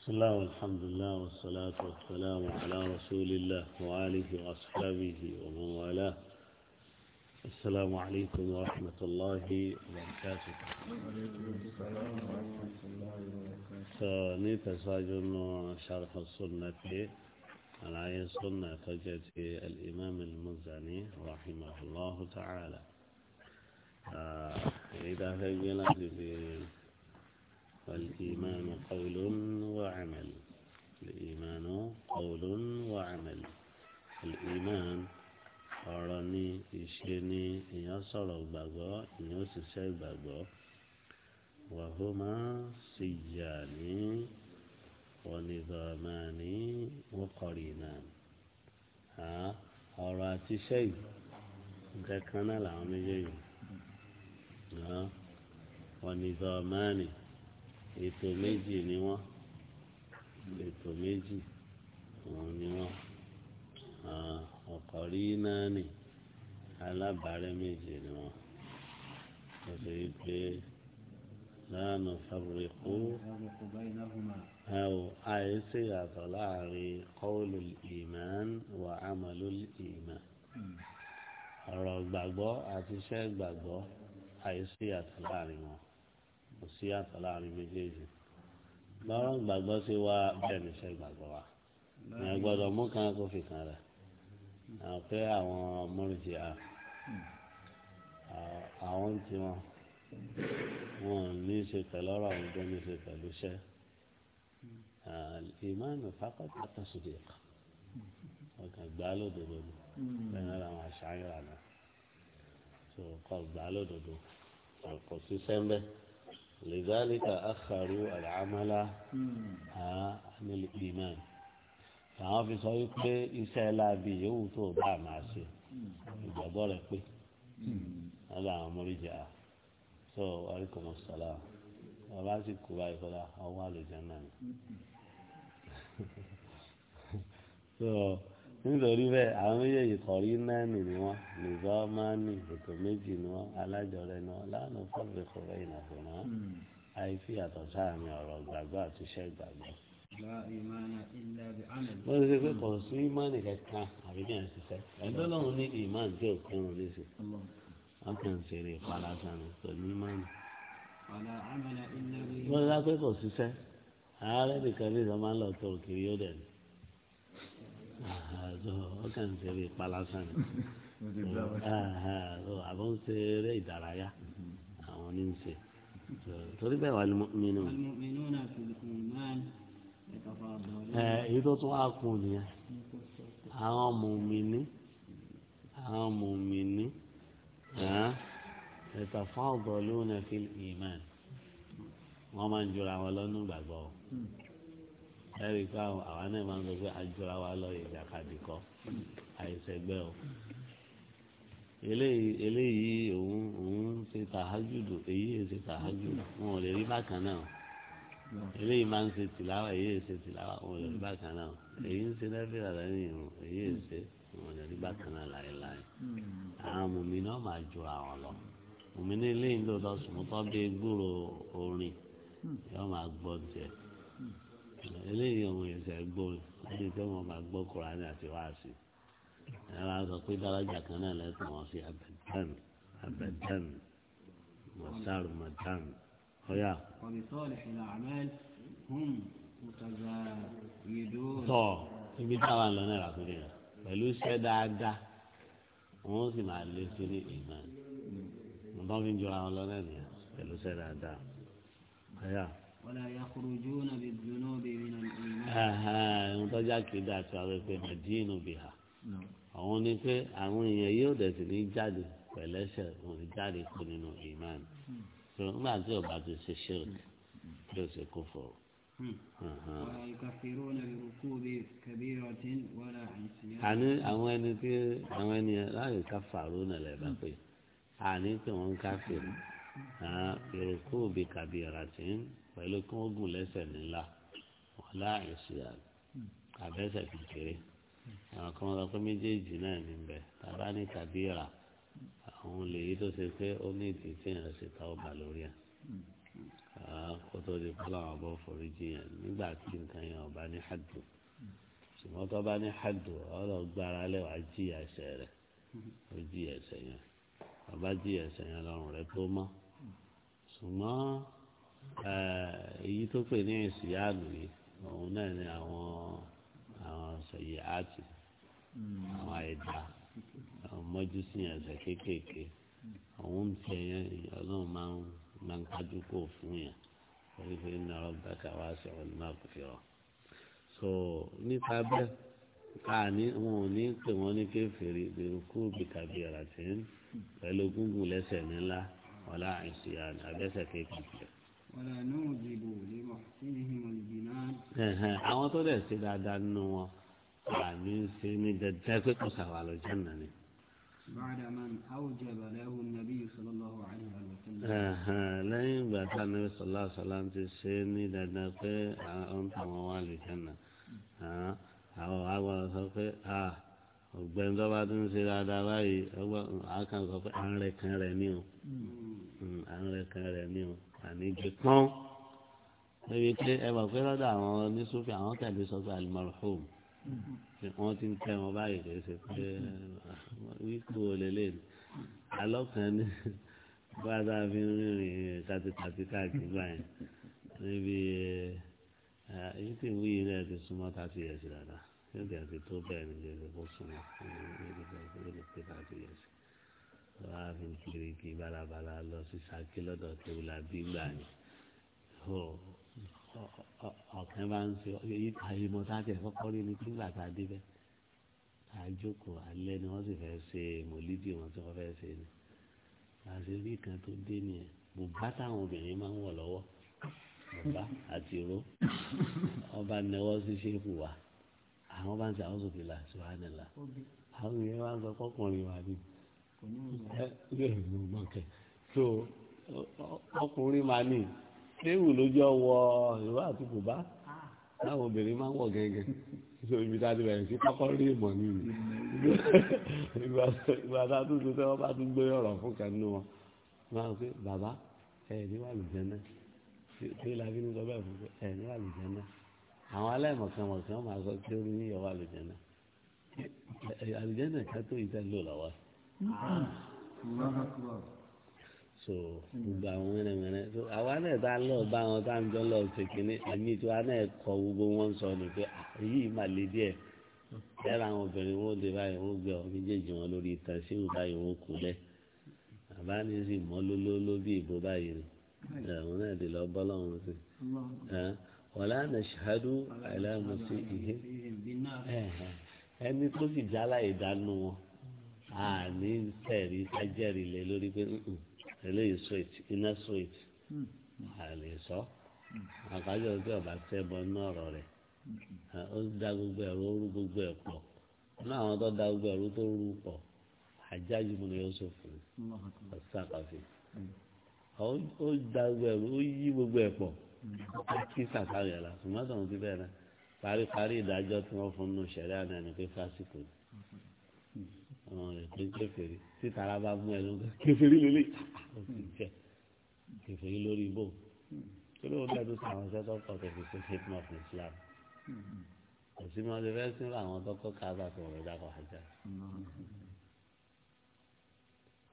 بسم الله والحمد لله والصلاة والسلام على رسول الله وآله وأصحابه ومن والاه السلام عليكم ورحمة الله وبركاته وعليكم السلام ورحمة الله سنيت ساجن شرح السنة على سنة فجت الإمام المزني رحمه الله تعالى آه، إذا هجلت في الإيمان قول وعمل الإيمان قول وعمل الإيمان ọ̀rọ̀ ni ìṣe ni èèyàn sọ̀rọ̀ gbàgbọ́ èèyàn ṣiṣẹ́ gbàgbọ́ wàhùmá sì yà ní wọnìgbàmà ní wọ́kọ̀rì náà ọ̀rọ̀ àti iṣẹ́ yìí nǹkan kan náà làwọn méjèèjì wọnìgbàmà ní ètò méjì ni wọ́n ètò méjì òun ni wọ́n ọ̀kọ̀ rí náà nì alábàárẹ́ méjì ni wọ́n ó ṣe é pé láàánú fábùrẹ́kù ẹ̀wọ̀ àìsí ìyàtọ̀ láàrin kọ́ọ̀lù ìmán wà ámàlú ìmán ọ̀rọ̀ gbàgbọ́ àti iṣẹ́ gbàgbọ́ àìsí ìyàtọ̀ láàrin wọn kò sí àtọ̀ láàrin méjèèjì bọ́rọ̀ gbàgbọ́ sí wa bẹ́ẹ̀ ní sẹ́ gbàgbọ́ wa ẹ gbọ́dọ̀ mú kan kó fi kan rẹ̀ àwọn pé àwọn mọ́rìjì à àwọn tí wọn wọn ní í ṣe pẹ̀lú ọ̀rọ̀ àwọn tó ní í ṣe pẹ̀lú iṣẹ́ ìmáàmù fákọ̀tì àtàṣùdì ẹ̀ka ọkàn gbà lódodo ni bẹ́ẹ̀ náà làwọn àṣà ń rà náà kọ̀ gbà lódodo kò sí sẹ́ńbẹ́. لذلك أخروا العمل عن الإيمان àwọn fi sọ wípé iṣẹ́ láabi yòówù tó bá a máa ṣe ìgbàgbọ́ rẹ̀ pé ọlọ́ àwọn mọ́ríjà so alaikum assalam bàbá sì kú báyìí fọlá ọwọ́ àlùjá náà so nítorí bẹ́ẹ̀ àwọn méjèèjì kọ̀rí nání ni wọ́n nìzọ́ máa ní ètò méjì ni wọ́n alájọrẹ ni wọ́n lánàá fọ́ọ̀rẹ́ kọ̀rẹ́ ìnàfọ̀nà àìfi àtọ̀ sáàmì ọ̀rọ̀ gbàgbọ́ àtúnṣe gbàgbọ́. wọ́n ti ṣe pé kò sí ìmánì kankan àbí bí ẹ̀ ń ṣiṣẹ́ ẹ̀dọ́ lọ́hùn ní ìmánì tí ò kírun léṣe wọ́n kàn ń ṣeré ìpalasa ni kò ní ìmánì. wọ́n ti ṣe pé kò ṣiṣẹ́ ààrẹ nìkan ní ọkàn ń ṣeré palásán ni eh, àbọ̀ ń ṣe eré ìdárayá àwọn ní ń ṣe torí bẹ́ẹ̀ wà ní mímú. Eh, èyí tó tún wá kún nìyẹn àwọn mùmíní àwọn mùmíní eh, ẹ̀tàfáàbọ̀ lónà fil ìmán wọ́n máa ń jura wọn lọ́nà gbàgbọ́. Hmm ẹ̀rí pé àwọn àwa náà máa ń sọ pé àjọra wa lọ ìjàkadì kọ àìsẹ̀gbẹ́ o eléyìí eléyìí òun òun ṣe tàhájùdù èyí ṣe tàhájùdù wọn ò lè rí bákan náà eléyìí máa ń ṣe tìláwà èyí ṣe tìláwà wọn ò lè rí bákan náà èyí ń ṣe lẹ́fẹ̀ẹ́ lẹ́yìn ìrùn èyí ṣe wọn ò lè rí bákan náà láéláé àwọn mùmí náà máa ju àwọn lọ mùmí ní eléyìí ló lọ sùn mọ́tọ́ bí gbúrò orin yóò máa gbọ́ tiẹ̀ eléyìí ọmọ yẹn ṣe gbọ́ ẹni tí wọ́n máa gbọ́ kúránì àti wáàsí ẹ máa sọ pé dárájà kan náà lẹ́sìn wọn sí abẹ́dán abẹ́dán mọ̀sáàrù mọ̀dán ọ̀yà. tọ́ ibi táwa ń lọ náà làkúndé rẹ̀ pẹ̀lú iṣẹ́ dáadáa wọ́n sì máa lé sí ní ìmọ̀ ẹ̀ nǹkan fi ń jọra wọn lọ náà nìyẹn pẹ̀lú iṣẹ́ dáadáa ọ̀yà wala yakhrujuna bidhunubi min al-iman. ohun tó já kéde àti àwọn ẹgbẹ́ màdínù biha àwọn ni pé àwọn èèyàn yóò dẹ̀ sí ní jáde pẹ̀lẹ́sẹ̀ wọn ní jáde kó nínú ìmáàmù tó nígbà tí ọba ti ṣe ṣírk yóò ṣe kó fọ. àní àwọn ẹni tí àwọn ẹni láyé ká fàró nà lẹ́ẹ̀ pé àní tí wọ́n ń káfíìn ìrùkú bíi kàbí ìràtí pẹ̀lú kí wọ́n gùn lẹ́sẹ̀ nílá wọn láàyè sí àná àbẹ́sẹ̀ kékeré àwọn kan sọ pé méjèèjì náà ní bẹ tàbá ní kàbíyàrá àwọn lèyí tó ṣe pé ó ní ìdí tí èèyàn ṣe ta ọba lórí ẹ kó tó di pé làwọn ọba forí jiyàn nígbà tí nǹkan yẹn ọba ní hàdù ṣùgbọ́n tó bá ní hàdù ọ̀rọ̀ gbára lẹ́wàá jìyà ẹsẹ̀ rẹ̀ ó jìyà ẹsẹ̀ yẹn ọba jìyà ẹsẹ̀ yẹn lọ́rùn rẹ̀ tó mọ́ ṣùgbọ́n. Eh, èyí tó pè ní ìsìyáàlù yìí òun náà ni àwọn àwọn sọyì áàtì àwọn àìdá àwọn mọ́júsí ẹ̀sẹ̀ kéékèèké àwọn oúnjẹ yẹn ọlọ́run máa ń máa ń kájú kó fún yẹn torí pé ní ọ̀rọ̀ bàkà wá sí ọ̀rọ̀ náà kò fi rọ̀ so nípa bẹ́ẹ̀ káàní wọn ò ní pè wọ́n ní kéfèrè bèrèkú bìkàbí ọ̀rà tí ń pẹ̀lú gúngùn lẹ́sẹ̀ nílá ọ̀la ìsìyàn àbẹ́sẹ̀ kéékèèké àwọn tó dẹ̀ ṣe dáadáa nínú wọn àmì ń ṣe ní dandan pé kò sàwà lọ́jọ́ náà ni. lẹ́yìn ìgbà tá a ní sọlá sọlá ń ti ṣe ní dandan pé àwọn táwọn wà lọ́jọ́ náà àwọn agbára sọ pé ọ̀gbẹ́ni tó bá ti ń ṣe dáadáa báyìí àkànṣọ pé à ń rẹ̀ kan rẹ̀ ní o hmm. Hmm, à ń rẹ̀ kan rẹ̀ ní o àníjù pọ́n lórí pé ẹ mọ̀ pé lọ́dọ̀ àwọn oníṣòfin àwọn tẹ̀lé sọ pé alimarhum wọ́n ti ń tẹ́ wọn báyìí kì í ṣe pé wípé olè lè ní alọ́kàn ní bá a dáa fi ń rìnrìn kàtìkàtì káàkiri báyìí níbi èyí tí ìwé yìí rẹ̀ ti súnmọ́ thirty years dáadáa yóò dẹ̀ ti tó bẹ́ẹ̀ ní ìdílé kó súnmọ́ ní ìdílé kó lè pé thirty years wọ́n á fi kiri kí balabala lọ sí saki lọ́dọ̀ tẹ̀wùlà bígbà ni ọ̀kẹ́ máa ń ṣe yíká ìmọ̀ ni nígbà tá a débẹ̀ tá a jókòó alẹ́ ni wọ́n sì fẹ́ ṣe mòlídìí wọn tí wọ́n fẹ́ ṣe ni àṣẹ bí kan tó dé nìyẹn bùbá táwọn obìnrin máa ń wọ̀ lọ́wọ́ bàbá àti ìró ọba nẹwọ́ sí ṣéèpù wa àwọn bá ń ṣe àwọn sòfin là ṣùgbọ́n àdìlà àwọn èèyàn máa ń sọ fọkùnrin wa ni so ọkùnrin máa ní léwu lójú ọwọ ìwà àti bùbá ah. láwọn obìnrin máa ń wọ gẹ́gẹ́ so ibi tá a ti bẹ̀rẹ̀ sí kọ́kọ́ rí ìmọ̀ nínú ìgbà tá a tún tún tẹ́ wọ́n bá tún gbé ọ̀rọ̀ fún kan nínú wọn máa ń pè bàbá ẹ̀ ní wà lùjẹ́ náà tí la fi ní sọ bẹ́ẹ̀ fún pé ẹ̀ ní wà lùjẹ́ náà àwọn aláìmọ̀kànmọ̀kàn máa sọ kí ó ní ìyẹ̀wò àlùjẹ́ náà àlùjẹ́ náà ká tó lọ́wọ́ so gbogbo àwọn mẹ́rẹ̀mẹ́rẹ́ so àwa náà tá lọ bá wọn tá ń jọ lọ sí kínní àmì tí wọn náà kọ gbogbo wọn sọ ni pé ah, èyí mà lé díẹ̀ lẹ́rọ àwọn obìnrin wọn dé báyìí wọn gbé ọ méjèèjì wọn lórí ìtàn sí ìwò báyìí wọn kú lẹ àbá ní sì mọ́ lólóló bí ìbò báyìí ni àwọn náà dé lọ bọ́ lọ́wọ́ sí wọn lánà ṣáádú àìláàmú sí ìhé ẹni tó sì jálá ìdánú wọn àní sẹ́ẹ̀rí kájẹ́rì lé lórí pé eléyìí sweet iná sweet àlè sọ àkájọ pé ọba sẹ́bọ náà ọ̀rọ̀ rẹ̀ ó da gbogbo ẹ̀rọ ó rú gbogbo ẹ̀ pọ̀ ní àwọn tó da gbogbo ẹ̀rọ tó rú pọ̀ àjájú mi ni yóò sọ fún un ọ̀sán kàfé ó mm. da gbogbo ẹ̀rọ ó yí gbogbo ẹ̀ pọ̀ mm. kí sàkárẹ̀ la ṣùgbọ́n ń ti bẹ́ẹ̀ náà paríparí ìdájọ́ tí wọ́n fún un nù sẹ́rí àná ẹni pé fásitì àwọn ẹ̀pẹ́ kẹfẹ́rí títara bá mú ẹ lọ́gà kẹfẹ́rí lélẹ̀ òkìkẹ́ kẹfẹ́rí lórí ibò kí ló ń dẹ́nu sí àwọn tó pọ̀ tẹ̀sí sí hikma fún Islam kò sí mọ́ ọ́n fẹ́ sí àwọn tọkọ káàbà tó wọ̀rọ̀ dákọ̀ ajá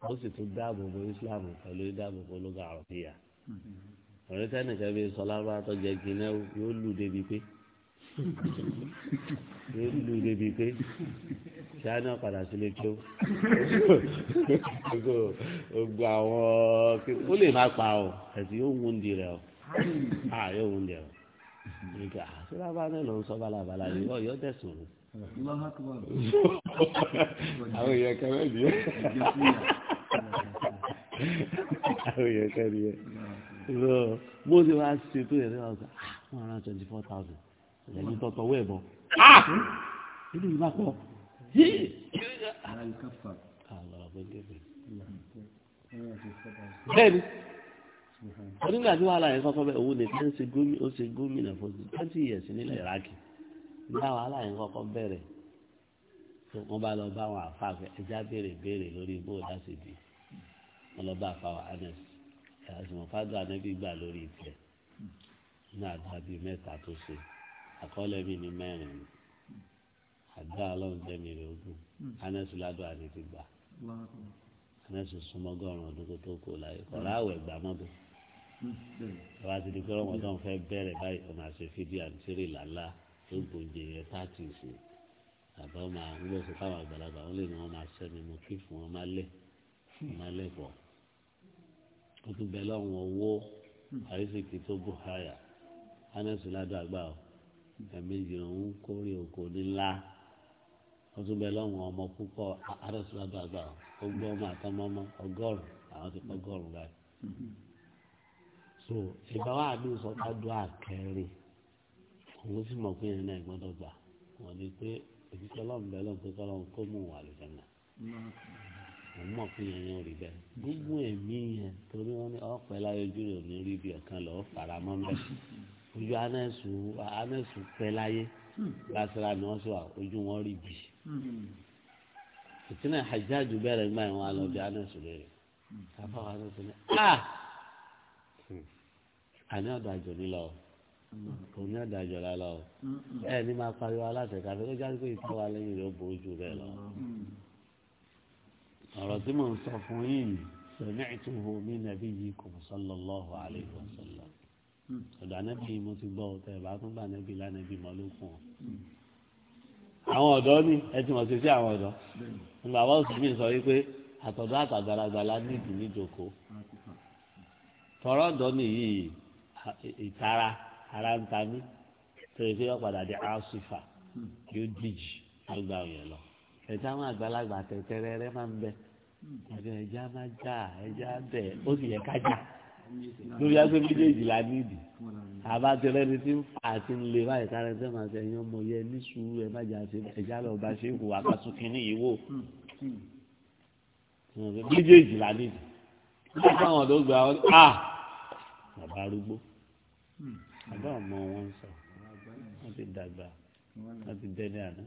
ó sì tún dáàbò bo Islam pẹ̀lú dáàbò bo lọ́gà àròkìyà ọ̀rẹ́tẹ́nìkẹ́ bí sọlá bá tọ́jẹ́ gínáwó yóò lù débi pé èyí lu débi pé ṣáná padà sílé tó gbogbo àwọn ó lè má pa ọ ẹ̀sìn yóò wún di ọ à yóò wún di ọ nígbà sílábà náà ló ń sọ balabala yìí ọ yọ tẹsán o. àwọn èèyàn kẹfẹ bí ẹ àwọn èèyàn kẹfẹ bí ẹ mo ti wá ṣètò ẹ̀rọ ọ̀gá ah, one hundred twenty four thousand lẹ́yìn tọ́tọ̀ wẹ̀ bọ̀ nínú ìgbà kan yìí. bẹ́ẹ̀ni onígbà tí wàhálà yẹn kọ́kọ́ bẹ́ẹ̀ owó nìkan ó ṣe gómìnà fún twenty years nílẹ̀ iraki nígbà wàhálà yẹn kọ́kọ́ bẹ̀rẹ̀ tó wọn bá lọ bá àwọn àfa ẹja béèrè béèrè lórí bó o dá sí di wọn lọ bá àfa wa anes àti mọ̀fádùn anẹ́bí gbà lórí ìtẹ̀ ní àdúrà bíi mẹ́ta tó ṣe àkọọ́lẹ̀ mi ní mẹ́rin ni àdá ọlọ́run jẹ́mi rẹ̀ ogún hmm. anẹ́sù ládùá ni ti gbà anẹ́sù súnmọ́gọ́rùn-ún ọdún tó tó kó láyé kọ̀ọ̀rọ̀ hmm. àwẹ̀ gbà mọ́tò ọba hmm, ti di pé ọmọdé wọn fẹ́ bẹ̀rẹ̀ báyìí ọmọ àti fídíò àti tírì làlá tó gbòǹjẹ yẹn táàtì sí àbá ọmọ àwọn gbọ́sọ̀ táwọn àgbàlagbà wọn lè ní wọn máa sẹ́ni mo kí fún wọn máa lẹ̀ máa lẹ̀ pọ̀ ó tún bẹ lọ́wọ́ owó àrísìkì tó bù háyà anẹ́sù ládùá gbà ọ́ ẹ̀mejì òun kórè oko nílá wọ́n tún bẹ lọ́wọ́n ọmọ púpọ̀ arọ́sibàbàbà ọgbọ́n ọmọ àtọmọmọ ọgọ́rùn àwọn ti pọ̀ gọ́rùn báyìí. so ìgbà wa àbí ìsọ̀kadù àkẹrin òun sì mọ̀ pé yẹn náà gbọ́dọ̀ gbà wọ́n ní pé òṣìṣẹ́ ọlọ́run bẹ́ẹ̀ lọ́n pé kọ́lọ́run kó mú wà lójọ́ náà àmọ́ fún yẹn yẹn rí bẹ́ẹ̀ gbogbo ẹ̀mí yẹn torí wọn ní ọ̀pẹ́ láyé ojú rẹ̀ ní rí bí ẹ̀kan lọ́ọ́ fara mọ́ bẹ́ẹ̀ ojú anẹ́sù anẹ́sù pẹ́ láyé lásìrà ni sọ ojú wọn rí bì ìtìlẹ̀ hajjájú bẹ̀rẹ̀ gbà yẹn wọn anẹ́sù lérè káfáwọn anẹ́sù ah! ní à àní ọ̀dọ̀ àjò nílọ òní ọ̀dọ̀ àjò lálọ́ ẹ̀ ní máa pariwo alátẹ̀ká ọ̀rọ̀ tí mò ń sọ fún yín sami'tuhu min nabiyyikum sallallahu alayhi wa sallam ọ̀dọ̀ anábì mo ti gbọ́ ọ̀tẹ̀ bá tún bá anábì lánàbì mọ́ ló kún ọ. àwọn ọ̀dọ́ ni ẹ ti mọ̀ sí sí àwọn ọ̀dọ́ nígbà wọ́n sì mí sọ wípé àtọ̀dọ́ àtàgbàlagbàlá nídìí níjòkó tọ̀rọ̀ ọ̀dọ́ nìyí ìtara ara ń ta mí torí pé wọ́n padà dé áṣùfà yóò díjì lọ́gbà òyìn lọ ẹ̀ta àwọn àgbàlagbà tẹ̀tẹ̀rẹ̀ rẹ máa ń bẹ́ẹ̀ ẹ̀dẹ̀ ẹja máa já ẹja bẹ̀ ó sì yẹ ká já lórí aṣọ méjèèjì la nídìí àbá tẹlẹ ni tí ń fà á ń le báyìí kára ẹsẹ máa ṣe ẹyin ọmọ yẹ ní sùúrù ẹ má jà ṣe ẹja lọ bá ṣe wò àkàtún kínní yìí wò méjèèjì la nídìí nígbà táwọn ọ̀dọ́ gba ọ a ah! bàbá arúgbó bàbá ọmọ wọn sọ wọn ti dàgbà wọn ti dẹni àná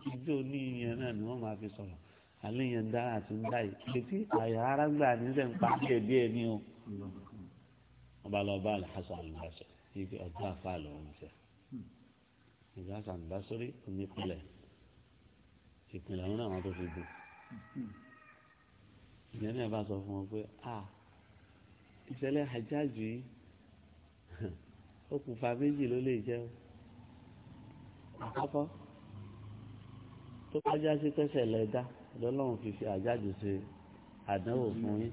ti dé òní yẹn náà ni wọ́n máa fi sọ̀rọ̀ àlẹ́ yẹn ń dá àti ń dá yìí létí àyà ara gbà nílẹ̀ ń pa díẹ̀ díẹ̀ ní o. wọ́n bá lọ bá alhassan alibasọ ibi ọ̀gá àfa lòun fẹ́ alhassan alibasori onípìlẹ̀ ìpìlẹ̀ ọ̀hún àwọn tó fi bù. ìyẹn náà bá sọ fún wọn pé a ìṣẹ̀lẹ̀ àjájú yìí okùnfà méjì ló lè jẹ́ o tó kájá sí pẹ́sẹ̀ lẹ́dá lọ́lọ́run fi fi àjáde ṣe àdánwò fún yín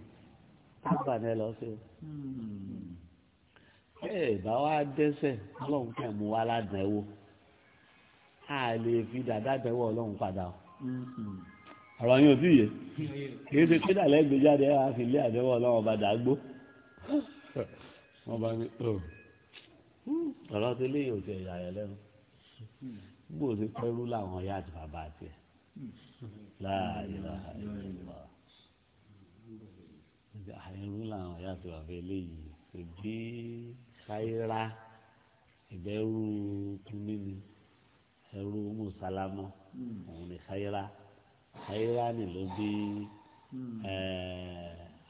ábà ní ẹ lọ sí o. Hmm. ẹ bá wa dẹ́sẹ̀ ọlọ́run kẹ́ mú wa ládàáwò a lè fi dàda dẹ́wọ́ ọlọ́run padà o. Hmm. ọ̀rọ̀ yín ò tí yé hmm. kìí ṣe pé dàlẹ́ gbéjáde ẹ wá fi lé àdẹ́wọ́ ọlọ́run ọba dàgbó. wọ́n bá ní oh. ọ̀rọ̀ tó léyìn òtí ẹ̀yà rẹ̀ lẹ́nu bó o ṣe pẹ́rú làwọn ọ̀yá àti bàbá àti ẹ̀ láàyè láàyè lọ. àìrú làwọn ọ̀yá àti bàbá eléyìí ìbí káyírá ìbẹ́rù kínní ni ẹrú mùsálámọ́ òun ni káyírá káyírá ni ló bí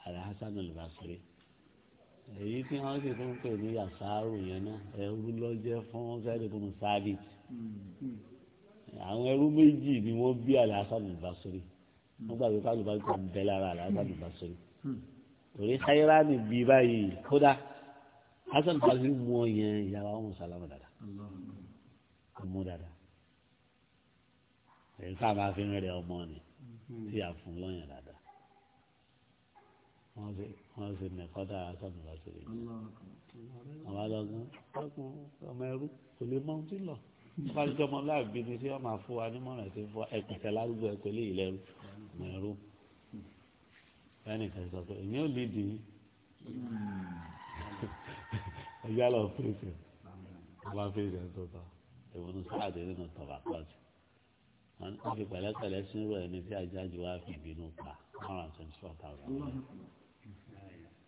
alhassan al-basri èyí tí wọ́n sì tún pè ní yasaru yẹn náà ẹrú ló jẹ́ fún sẹ́ẹ̀dì sábìtì àwọn ẹrú méjì ni wọ́n bí alásán ìbásórí wọ́n gbàgbé káàlù bá gbà ń bẹ lára alásán ìbásórí torí xayira ni bí báyìí kódà hasan fasi mú ọ yẹn ìyàwó àwọn sàlámù dada mú dada èyí tá a máa fi ń rẹ ọmọ ni tí a fún lọ́yìn dada wọ́n sì wọ́n sì nìkọ́dà hasan ìbásórí wọ́n bá ọmọ ẹrú kò lè mọ ohun tí lọ nípasẹ̀ ọmọ láàbí ni tí wọ́n máa fún wa nímọ̀ràn sí fún ẹ̀pẹ̀tẹ̀ lárúgbó ẹ̀pẹ̀ lè ilẹ̀ mẹ́rú ẹnìkan sọ pé èmi ò lè dì í ẹgbẹ́ àlọ́ fèsì ọba fèsì ẹ̀tọ́ ta ìwọ̀n sáàdì nínú tọ̀bà pàṣẹ wọ́n fi pẹ̀lẹ́pẹ̀lẹ́ sínú ẹni tí ajájú wa fi bínú pa one hundred twenty four thousand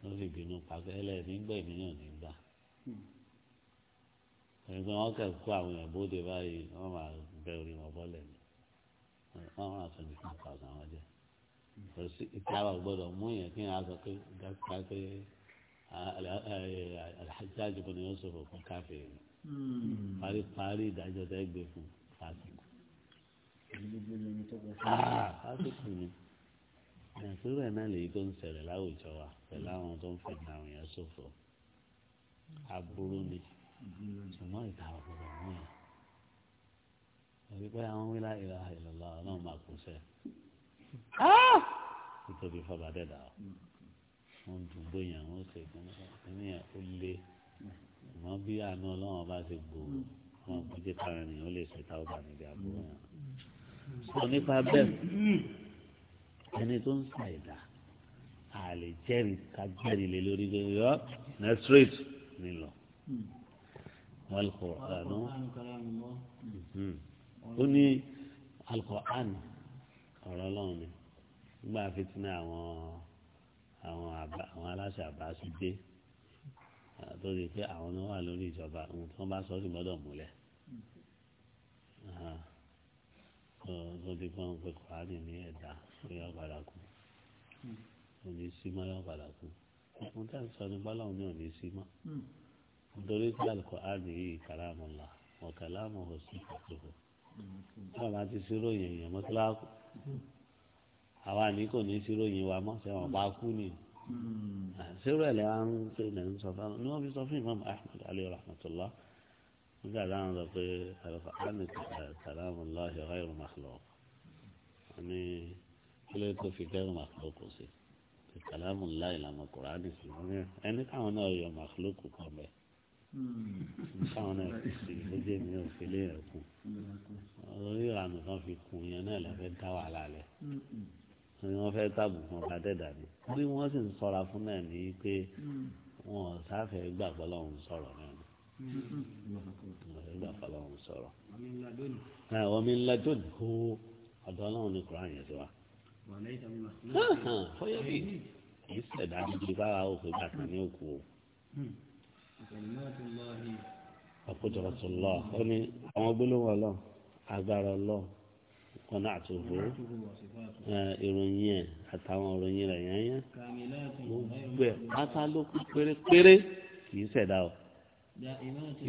wọ́n fi bínú pa ẹlẹ́ẹ̀mí gbẹ̀mí náà nígbà ẹgbẹ́ wọn kẹ́ kó àwọn èèyàn bóde báyìí wọ́n máa bẹ orí wọn bọ́lẹ̀ ni wọ́n máa sọ ní fún pàṣẹ àwọn jẹ́ kò sí ìtawà gbọ́dọ̀ mú yẹn kí wọ́n á sọ pé dákúrá pé alhajj bọ̀ ni yóò sọ̀rọ̀ fún káfíìn hmm. paríparí ìdájọ́ tẹ́ gbé fún fásitì. Ah, fásitì ni àtúrò ẹ̀ náà lèyí tó ń ṣẹlẹ̀ láwùjọ wa pẹ̀lú àwọn tó ń fẹ̀mí àwọn èèyàn ṣòfò aburú ni ṣùgbọ́n ìta ọ̀gbọ̀dọ̀ mú yẹn wípé àwọn wíńlá ìlà ìlọlá náà máa kú sẹ́ nítorí fọba dẹ́dà ọ wọ́n dùn gbóyàn wọ́n ṣe kíní yẹn ó lé ṣùgbọ́n bí àánú ọlọ́run bá ṣe gbòòrò wọn kò jẹ́ kára ènìyàn ó lè ṣe táwọn bá níbi àbúrò yẹn nípa bẹ́ẹ̀ ẹni tó ń sa ìdá a lè jẹ́rìí ká jẹ́rìí lé lórí lórí ọ nẹ́sírẹ́tì nílọ. والقرآن ó ní alqur'an ọ̀rọ̀ ọlọ́run ni nígbà fitinẹ àwọn àwọn àwọn aláṣẹ àbáṣe dé tó di pé àwọn ni wà lórí ìjọba ohun tí wọ́n bá sọ sí gbọ́dọ̀ múlẹ̀ tó di pé wọ́n pe quran ní ẹ̀dá lórí ọ̀padà kú òní hmm. símọ́ lọ́padà kú ohun tí a sọ ní bọ́lá òní òní símọ́. Hmm nítorí pé Al-Qur'ani yìí kalamullah wa kalamuhu sifatuhu wọn máa ti ṣírò yẹn yẹn mọ́tíláàkù àwa ní kò ní ṣírò yẹn wa mọ́ sẹ́wọ̀n pa kú ni ṣírò ẹ̀ lẹ́wà ń pè ní ń sọ fún un ní wọ́n fi sọ fún Imam Ahmad alayhi rahmatullah nígbà táwọn sọ pé Al-Qur'ani kalamullahi ghayru makhluq ní kílẹ̀ tó fi ghayru makhluq sí kalamullahi làwọn Qur'ani sí ẹni káwọn náà yọ makhluq kan bẹ́ẹ̀ sáwọn náà fi sí méjì mi ò fi léèrè kún orí ìlànà kan fi kún yẹn náà lè fẹ́ dá wàhálà lẹ̀ hmm. ni wọ́n fẹ́ tàbùkù ọba dẹ́dà ni bí wọ́n sì ń sọ́ra fún náà ní pé hmm. wọn ò sáfẹ́ gbàgbọ́ lọ́hùn sọ̀rọ̀ náà ni hmm. gbàgbọ́ lọ́hùn sọ̀rọ̀ omi ńlá jóni kó ọ̀dọ́ lọ́hùn ní kúrò àyẹ̀ sí wa. fọyọ́ bí kì í ṣẹ̀dá níbi báwa òkú gbàtà ní òkú o àkójọpọ̀tòlá ó ní àwọn gbólóhùn ọlọ́run agbára ọlọ́run ọ̀nà àtòbó eh, ìròyìn ẹ̀ àtàwọn ìròyìn rẹ̀ yányá gbogbo ẹ̀ pátá ló kú pérépéré kì í ṣẹ̀dá o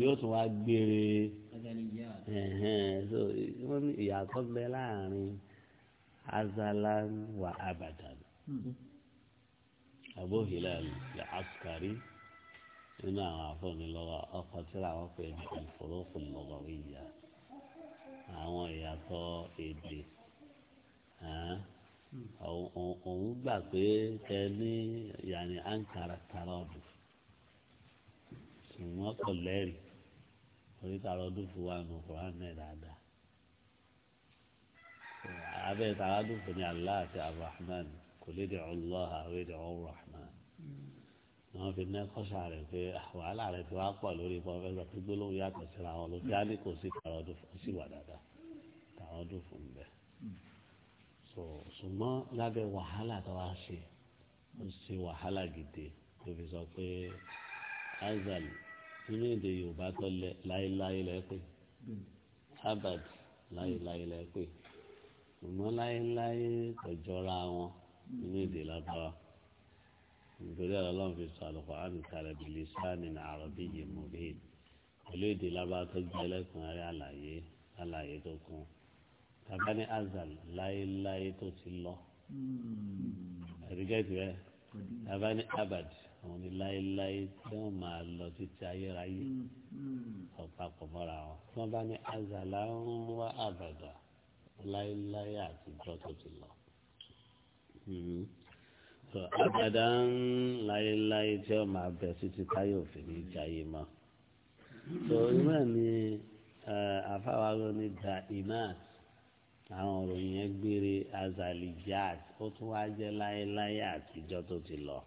yóò tún wá gbére ìyàtọ̀ bẹ láàrin azalan wa abadan hmm. Abu Hilal al-Askari nínú àwọn àfọ̀nì lọ́wọ́ ọkọ̀ tíra wọn pè ní ìfòrófò lọ́wọ́ ìyá àwọn ìyàtọ̀ èdè òun gbà pé kẹ ní yàní ankara tarọ́ọ̀dù ṣùgbọ́n kò lẹ́rìí orí tarọ́ọ̀dù fún wa nù kúrán náà dáadáa abẹ́ tarọ́ọ̀dù fún ni Allah àti kò lè dẹ̀ Allah àwọn èdè Ar-Rahman. Hmm ni wọ́n fi mẹ́kọ́ṣà rẹ̀ pé wàhálà rẹ̀ ti wá pọ̀ lórí pọ́fẹ́sọ̀ pé gbólóhùn yàtọ̀ síra wọn ló fi á ní kò sí tààrọ̀ ọdún fún sí wà dáadáa tààrọ̀ ọdún fún bẹ́ẹ̀. ṣùgbọ́n lábẹ́ wàhálà tó wá ṣe ó ṣe wàhálà gidi ló fi sọ pé azal nínú èdè Yorùbá tó lẹ láéláé lẹ pé láéláé lẹ ṣùgbọ́n láéláé kò jọra wọn nínú èdè lábára nítorí ọlọ́run fi sọ àlùkò àmì kalẹ̀ bìlì sáàni àròbí yìí mọ̀bìn pẹ̀lú èdè lábàtọ́ jẹ́ ẹlẹ́kùnrin àlàyé àlàyé tó kún tàbá ní azal láéláé tó ti lọ hmm. ẹ̀rígẹ́tì rẹ̀ tàbá ní abad àwọn ní láéláé tí wọ́n máa lọ títí ayérayé hmm. ọ̀pápọ̀ mọ́ra wọn tí wọ́n bá ní azal àwọn wá láéláé àtijọ́ tó ti lọ. Hmm sọ abada láéláé tí ó máa bẹ títí táyọ̀ òfin ní jayé mọ́ tó iná ni àfáwárò ní da imat àwọn òròyìn yẹn gbére azalijat ó tún wá jẹ láéláé àtijọ́ tó ti lọ.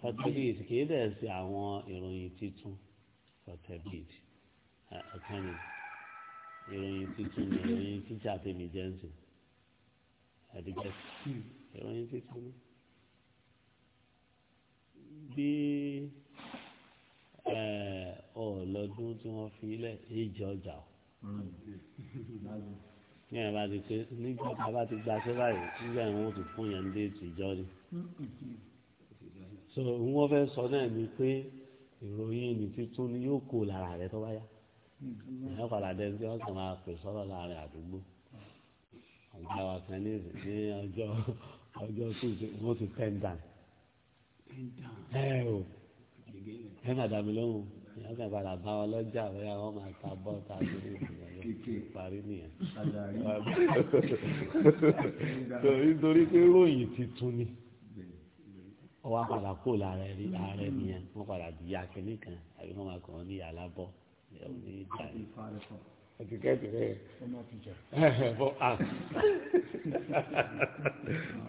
fọtẹ́bìtì kì í dẹ̀ sí àwọn ìròyìn titun fọtẹ́bìtì ọ̀kan ni ìròyìn titun ni ìròyìn títí àtẹ̀míjẹ́ǹsì àdìgbà sí hmm. ẹ̀rọ yẹn títí ní. bí ọ̀ọ́lọ́dún tí wọ́n fi lẹ̀ èjì ọjà o. ní ẹ̀rọ àti pé nígbà tá a bá ti gba sẹ́fà yìí nígbà yẹn wọ́n ti fún yẹn dé ìtìjọ́ ni. so wọ́n fẹ́ sọ náà ni pé ìròyìn ní títún ni yóò kó lára rẹ tó bá yá. ẹ̀rọ hmm. padà dẹ́gbẹ́ ọ̀sán máa pè sọ́rọ̀ láàrin àdúgbò ọ̀gá wa ní ọjọ́ ọjọ́ tuesday wọ́n ti ten down. ẹ o ẹ kàdà mí lóhùn ẹ kàn padà bá wọn lọ́jà bóyá wọ́n máa ta bọ́ọ̀tà tó ní ìgbàlódé parí nìyẹn. nítorí pé ròyìn tuntun ni wọ́n á padà kó lára rí ààrẹ nìyẹn wọ́n padà di ya kínní kan àbí wọ́n máa kàn án ní yàrá bọ́ ní ìdá yìí ẹ̀tíkẹ́ẹ̀tì rẹ̀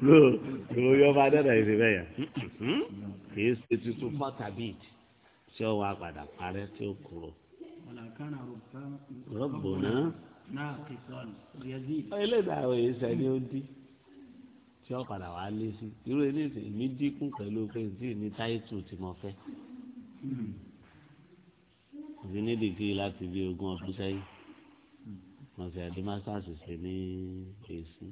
ló ìròyìn ọba dẹ́dà ìṣe bẹ́ẹ̀ yẹn kìí ṣe tuntun fọ́tàbíìd tí ó wà padà parẹ́ tí ó kúrò. rọ́gbọ̀nà ẹlẹ́dàá àwọn èyí sẹ́ni ó dín tí ó padà wá lé sí irú eléyìí èmi dínkù pẹ̀lú pé ní táìtù tí mo fẹ́. ìdí ní dìgírí láti bí ogún ọdún sẹ́yìn wọn sì àdé masters ṣe ní èsì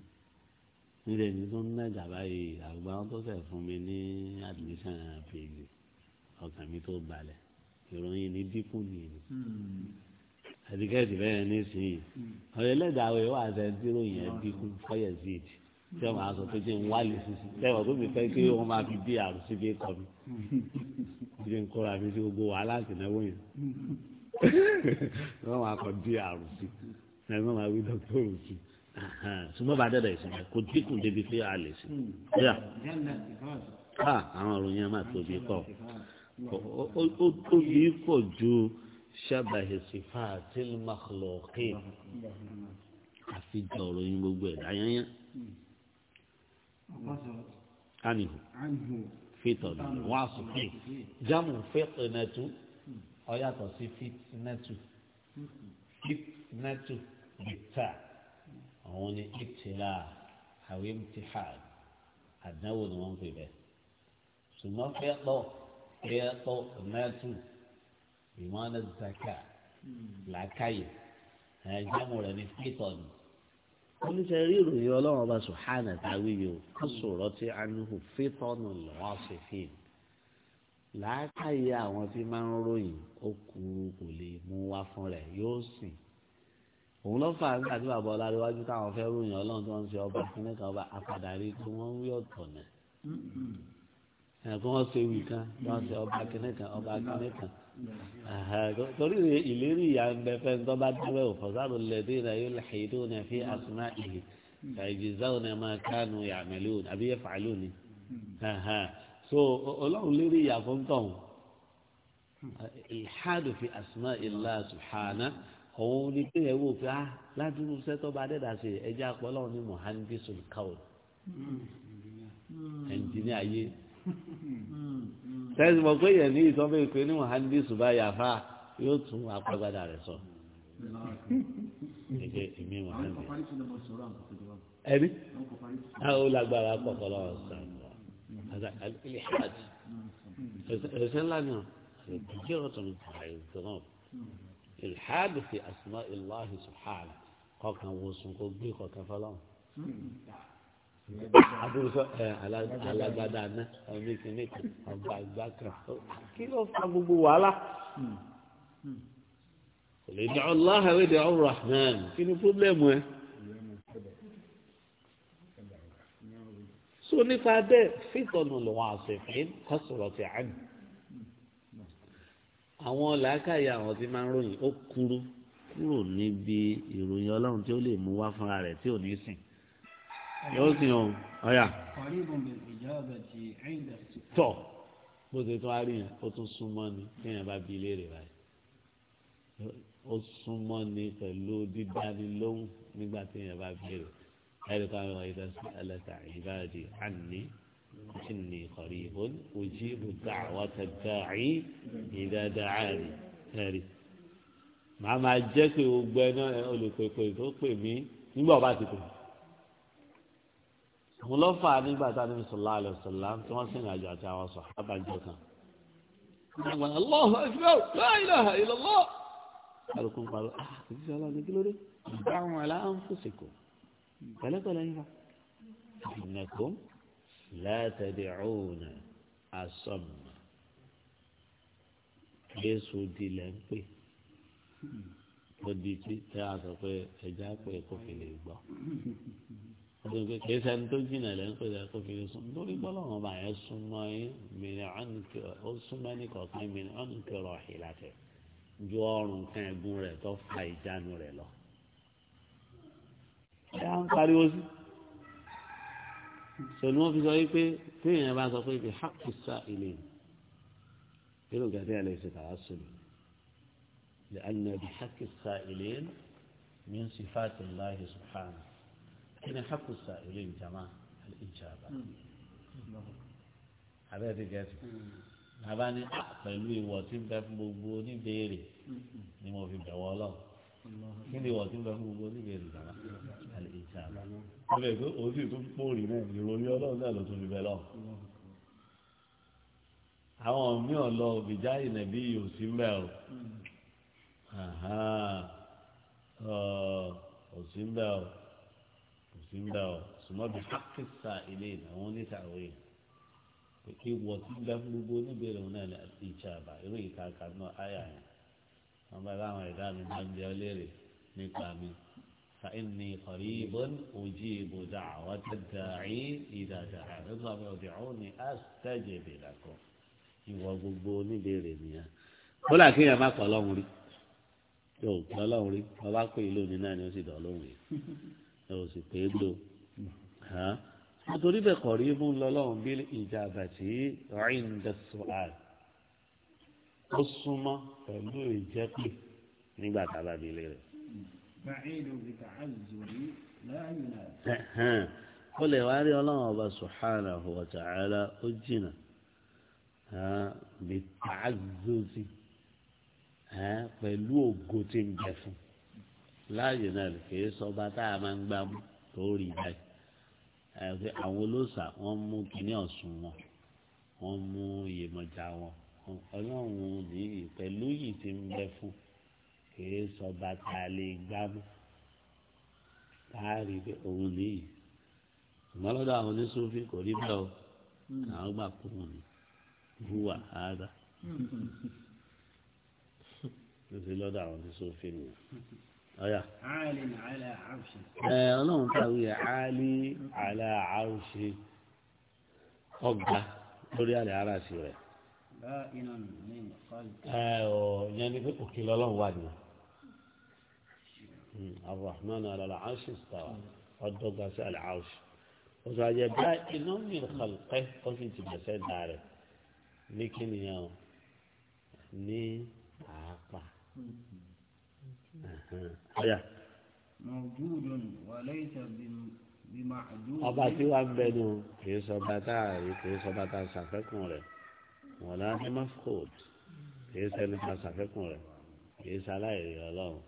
nílẹ̀ ní tó ń nàjà báyìí àgbà wọn tó fẹ́ fún mi ní admission page ọkàn mi tó balẹ̀ ìròyìn ní dínkù nìyí àdìgẹ́tì bẹ́ẹ̀ ní sìn ọ̀rẹ́ lẹ́dàá wẹ̀ wà sẹ́ dírò yẹn dínkù fọ́yẹ̀ zid tí wọ́n máa sọ pé jẹ́ ń wálé sísè lẹ́wọ̀ tó mi fẹ́ kí wọ́n máa fi bí àrùn síbi kọ́ mi jẹ́ ń kóra mi sí gbogbo wàhálà àtìnáwó yẹn wọ́n máa kọ́ bí àrùn síbi ẹgbẹ́ máa wí dọ́kítọ̀ òsì ṣùgbọ́n bá dẹ́dẹ̀ ìsìn kò dínkù débi pé a lè sìn. Hmm. Ah, àwọn ọ̀rọ̀ yẹn máa tóbi pọ̀ ó tóbi pọ̀ ju ṣàbàyè sífà tìlmàkìlọ̀kì àfijọ́ ọ̀rọ̀ yín gbogbo ẹ̀dá yányán. anihu fitọ̀nù wọ́n á sùn fún jámù fitọ̀nẹ́tù ọ̀yàtọ̀ sí fitọ̀nẹ́tù hmm. fitọ̀nẹ́tù bìtà àwọn ní ìtìlá àwọn ìmùtìhà àdánwò ni wọ́n ń pè bẹ́ẹ̀ ṣùgbọ́n fẹ́ pọ̀ fẹ́ pọ̀ mẹ́tù ìmọ̀ọ́nà zaka làákàyè ẹ̀ẹ́dẹ́mù rẹ̀ ní fítọ̀nù oníṣẹ́ rí ìròyìn ọlọ́run ọba sùhánà tàwí yìí ó sọ̀rọ̀ tí anuhu fítọ́nù lọ́wọ́ sí fíìmù làákàyè àwọn tí máa ń ròyìn ó kú kò lè mú wá fún rẹ̀ yóò sìn òun ló fà nígbà tí bàbá ọláríwájú táwọn fẹ́ ròyìn ọlọ́run tí wọ́n ń ṣe ọba fún nìkan ọba apàdàrí tí wọ́n ń wí ọ̀tọ̀ nà mm-hmm. ẹ̀kọ́ wọn ṣe wì kan wọ́n ṣe ọba kìnìkan ọba kìnìkan torí ìlérí ìyá ń bẹ fẹ́ ń bá dábẹ́ òfò sábà lẹ́dí náà yóò lẹ́yìn tó ní fi àtúná ìhì ṣàìjìzá òní ẹ̀ máa kánú yàmẹ̀lú àbí yẹ fàálù mm-hmm. so ọlọ́run lérí ìyá fún tọ̀hún ìlhádùn fi àtúná ìlà subhánà òun ni kéèyàn wò fún ah ládùúgbò sẹ́tọ́ bá dẹ́dà sí ẹjẹ́ apọ́lọ́ ní mohandisul kaul hmm. ẹnjìníà yé sẹ́yìn hmm. mọ̀ pé yẹn ní ìtọ́fẹ́ ìpè ní mohandisul bá yàfa yóò tún apẹ́gbádà rẹ̀ sọ. Hmm. ẹgbẹ́ ìmí mohandis. ẹni ó lágbára kọ̀kọ́ lọ́wọ́ sàmùlá ńlá ni ọ̀ ẹ̀jẹ̀ ọ̀tọ̀ ní ìtàn náà. الحاد في أسماء الله سبحانه kọkàn wosùn kó gbé kọkàn fọlọ́run adúlùsọ ẹ alágbádá ná ọmọdé kìíní kan ọgbà ìgbà kan kí ló fa gbogbo wàhálà kò lè dẹ ọláhà wí dẹ ọrọhàn kí ni pọblẹmù ẹ. so nípa bẹ́ẹ̀ fífọ̀nù lòun àṣẹfẹ́ kásọ̀rọ̀ ti àná àwọn làákàyè àwọn tí máa ń ròyìn ó kúrú kúrò níbi ìròyìn ọlọ́run tí ó lè mú wá fúnra rẹ̀ tí ò ní sìn yóò sìn o ọ̀yà. tọ̀ bó ṣe tún á rí yẹn ó tún súnmọ́ ni kéèyàn bá bi léèrè báyìí ó súnmọ́ ni pẹ̀lú dídánilóhùn nígbà téèyàn bá bi léèrè ẹ̀rí kan àwọn ìdásí alẹ́ tàbí ìbáraẹ̀dì àní. إني قريب أجيب دعوة الداعي إذا دعاني هاري màá máa jẹ́ pé gbogbo ẹná olùpèpè tó pè mí nígbà ọba ti pè mí. àwọn lọ́fà nígbà tá a ní sọ̀lá àlọ́ sọ̀lá tí wọ́n sì ń àjò àti àwọn sọ̀ abájọ kan. àwọn aláwọ̀ ẹgbẹ́ láìlà ìlọ́lọ́. alùpùpù ń parọ́ ah kìí ṣe ọlọ́run kí ló dé. ìbáwọn aláǹfọ̀sẹ̀kọ̀ pẹ̀lẹ́pẹ̀lẹ́ yín fa. ìnẹ̀kùn لا تدعون الصم Jésù di lẹ́ ń pè ó di tí tẹ́ a sọ pé ẹja pé kò fi lè gbọ́ kìí sẹ́ni tó jìnnà lẹ́ ń pè tẹ́ kò fi lè sùn nítorí gbọ́ lọ́wọ́ bá yẹn súnmọ́ yín mìíràn ó súnmọ́ ní kọ̀ọ̀kan mìíràn ń kẹrọ ọ̀hìnlá ju ọrùn kan ẹ̀gún rẹ̀ tó fa ìjánu rẹ̀ lọ. ẹ á ń pariwo sí i sọ̀rọ̀ wọn fi sọ wípé téèyàn bá sọ pé ibi hakisa ilé nínú gàdé àlẹ́ ìṣẹ̀tà wá sọ̀rọ̀ lè àná ibi hakisa ilé ní sífàtì láàyè sùhánà kí ni hakisa ilé ìjàmá ìjàmbá abẹ́rẹ́ ti gẹ̀ẹ́sì bàbá ní ah, pẹ̀lú ìwọ̀ tí ń bẹ fún gbogbo oníbèrè ni mo fi bẹ̀wọ̀ ọlọ́run kí ni ìwọ̀n tí ń bẹ fún gbogbo níbi èrè dára àlè ìjà ó bẹ̀ pé òun sì tún pòrì náà ìròyìn ọlọ́run náà ló tún fi bẹ lọ. àwọn mìíràn lọ òbíjà ìnẹ̀bí yóò sí mbẹ́ o òsì mbẹ́ o òsì mbẹ́ o sùmọ́ bí kákísà ilé àwọn oníṣàwọ̀ yìí ìwọ̀n tí ń bẹ fún gbogbo níbi èrè náà àlè ìjà àbá ìròyìn kàkà náà áyà yẹn àwọn bàbá àwọn ẹ̀dá mi máa ń bí ọ léèrè nípa mi fa inni qaribun ujibu da'wata da'i idha da'a nígbà mi ò dìrún ni astajib lakum ìwọ gbogbo oníbèrè nìyẹn ó là kéèyàn má kọ́ ọlọ́run rí yóò kọ́ ọlọ́run rí ọba pé ìlú mi náà ni ó sì dọ̀ lóhùn yìí yóò sì pé gbó nítorí bẹ́ẹ̀ kọ̀ rí mú lọ́lọ́run bí ìjà àbàtì rìn dẹ́sùn àrùn ó súnmọ́ pẹ̀lú ìjẹ́pè nígbà tá a bá délé rẹ̀. ó lè wá rí ọlọ́run ọba subhanahu wa ta'ala ó jìnnà bí tààzózi pẹ̀lú ògo tí ń bẹ fún láàyè náà kìí sọba tá a máa ń gbá mú tó rí báyìí àwọn olóòṣà wọ́n mú kinní ọ̀sùn wọn wọ́n mú iyèmọ̀já wọn ọlọ́run nìyí pẹ̀lú yìí ti ń bẹ fún kìí sọ bàtà lè gbámú káàrí pé òun nìyí ṣùgbọ́n lọ́dọ̀ àwọn oníṣòfì kò rí bẹ́ẹ̀ o hmm. àwọn gbà kú wọn ni hùwà áádá nítorí lọ́dọ̀ àwọn oníṣòfì nìyẹn ọ̀yà. ẹ ọlọ́run tàbí ẹ̀ áálí àlà àrùṣe ọgbà lórí àlẹ́ àràṣì rẹ̀ ẹ ọ yẹn ni pé òkè lọ́lọ́run wà hmm, ní arahman alala aṣọ ìsìtàwà ọdọgba sí alẹ aṣọ oṣù àjẹ bá iná mi kàlùkẹ kọfí ti bẹsẹ dà rẹ ní kíni yẹn o ní àápa ọyà. ọba tí wàá bẹ nù kì í sọ bàtà kì í sọ bàtà sàfẹ́kùn rẹ̀ wọn là ní mafcood kìí sẹni ká sàfẹ́kùn rẹ̀ kìí sáláì rẹ̀ ọlọ́run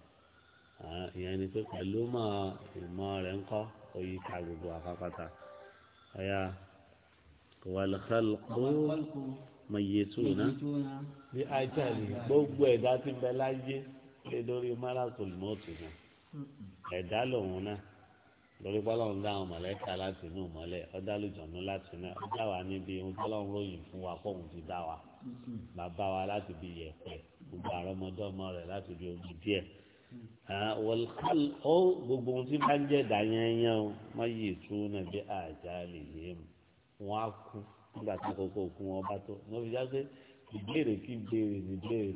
ìyẹn ni pé pẹ̀lú mọ̀ ìmọ̀ rẹ̀ ń kọ́ oyí ká gbogbo àpapàtà ọ̀yà wàlúkàlùkù mọ̀yẹ́tùnà bí ajá ni gbogbo ẹ̀dá ti ń bẹ láyé lórí máràkùn mọ́tò náà ẹ̀dá lòun náà lórí pọ́lọ́run dá àwọn mọ̀lẹ́kà láti inú mọ́lẹ̀ ọ̀dá lùjọ̀nù láti iná ọ̀dá wa níbi ohun pọ́lọ́run ròyìn fún wa kóhun ti dá wa bàbá wa láti bi yẹ̀pẹ̀ gbogbo àrọ́mọdọ́mọ rẹ̀ láti bi omi díẹ̀ ó gbogbo ohun tí bá ń jẹ́ dàyẹ̀yẹ́ o má yìí tú nàbí àjà lè yé mu wọ́n á kú nígbà tí kókó kú wọn bá tó ní òfìjà pé ìbéèrè kí béèrè ní béèrè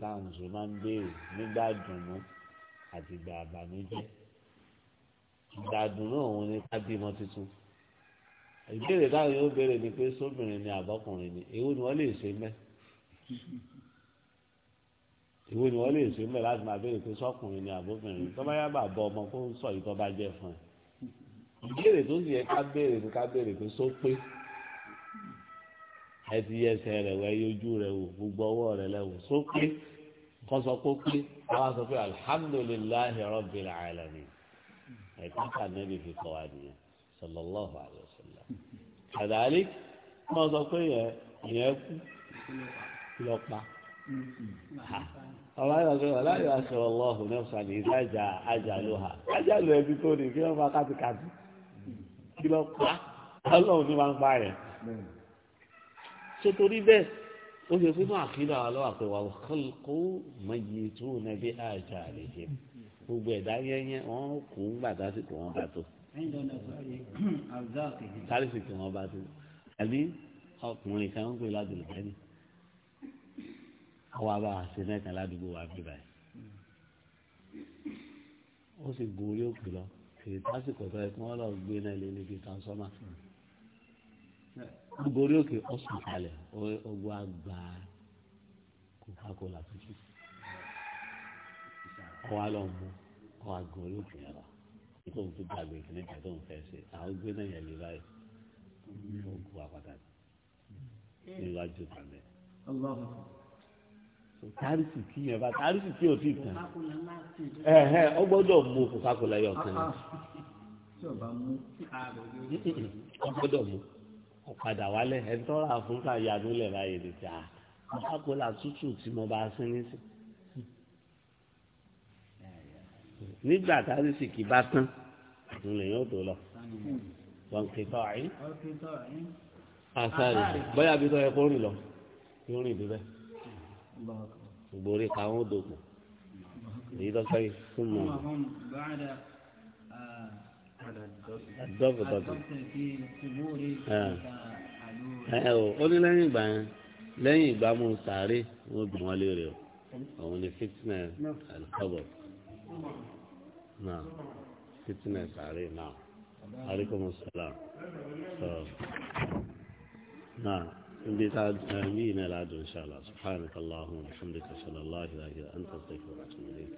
máa ń béèrè nígbà dùnú àtìgbà àbànújẹ́ ìdàdúró òun ni ká bímọ tuntun ìbéèrè táwọn yóò béèrè ni pé sóbìnrin ni àbọkùnrin ni èwo ni wọn lè ṣe mẹ èwo ni wọn lè ṣe mẹ láti máa béèrè pé sọkùnrin ni àbọkùnrin tó bá yábà bọ ọmọ kó ń sọ yìí tó bá jẹ fún ẹ ìbéèrè tó sì yẹ ká béèrè ni ká béèrè pé só pé ẹ ti yẹ ẹsẹ̀ rẹ wẹ yójú rẹ wò gbogbo ọwọ́ rẹ lẹ wò só pé kọsọ kó pé àwa sọ pé alihamudulilayi rabbil alamin ẹ̀kọ́ ká nẹ́bí fi kọ́ wa nìyẹn sallallahu alayhi wa sallam. kàdálí wọ́n sọ pé yẹn ìyẹn kú lọ pa. ọba yóò sọ ọba yóò sọ ọlọ́hùn náà sọ ní ìdájà àjàlú ha àjàlú ẹbí tó ní kí wọ́n fa kátikáti kí lọ pa ọlọ́hùn ní máa ń pa yẹn. sotori bẹ́ẹ̀ ó ṣe sínú àkídà wa lọ́wọ́ àpẹwà kọ́lùkù mọ̀yì tó nàbí àjàlú yẹn gbogbo ẹ̀dá yẹ́yẹ́ wọ́n ń kú ńgbà tásìkò wọn bá tó. tásìkò wọn bá tó àbí ọkùnrin kan ń pè ládùúgbò kẹ́ni àwa bá a ṣe mẹ́ta ládùúgbò wa bí báyìí ó sì gorí òkè lọ kì í tásìkò tó yẹ kí wọ́n lọ gbé náà lé níbi transforma gorí òkè ọ̀sùn kalẹ̀ ọgbọ́n àgbà Coca-Cola tuntun ọwọ́ àlọ́ mú fún aago orí òkè yàrá kí tóun tó gbàgbé ìkíní kan tóun fẹ́ ṣe àwọn gbé náà yẹn lè báyìí ó kú apáta níwájú kàmẹ́. tárìsì kí yẹn bá tárìsì kí o ti tàn ọ gbọ́dọ̀ mú kòkákòlá yọ kan ọ gbọ́dọ̀ mú ọ̀padà wálẹ̀ ẹ̀ ń tọ́ra fún ká yanu lẹ̀ báyìí nìjà kòkákòlá tútù tí mo bá sín nísìn nígbà tá a sì kì bá tán ń lè yóò tó lọ wọn kì tọ́ àyín àṣàrì bóyá bí tọ́ yẹ kó rìn lọ yóò rìn débẹ̀ gbogbo orí ka wọn dòkò èyí tó sẹ́yìn fún mi. dọ́kítọ́kì ẹ ọ ó ní lẹ́yìn ìgbà yẹn lẹ́yìn ìgbà mo sáré wọn gbìn wọn lérè o òun ni fitna alikọ́bọ̀. نعم فتنة عليه نعم عليكم السلام طيب. نعم بتعد آمين العدو إن شاء الله سبحانك اللهم وبحمدك أشهد أن لا إله إلا أنت أستغفرك وأتوب إليك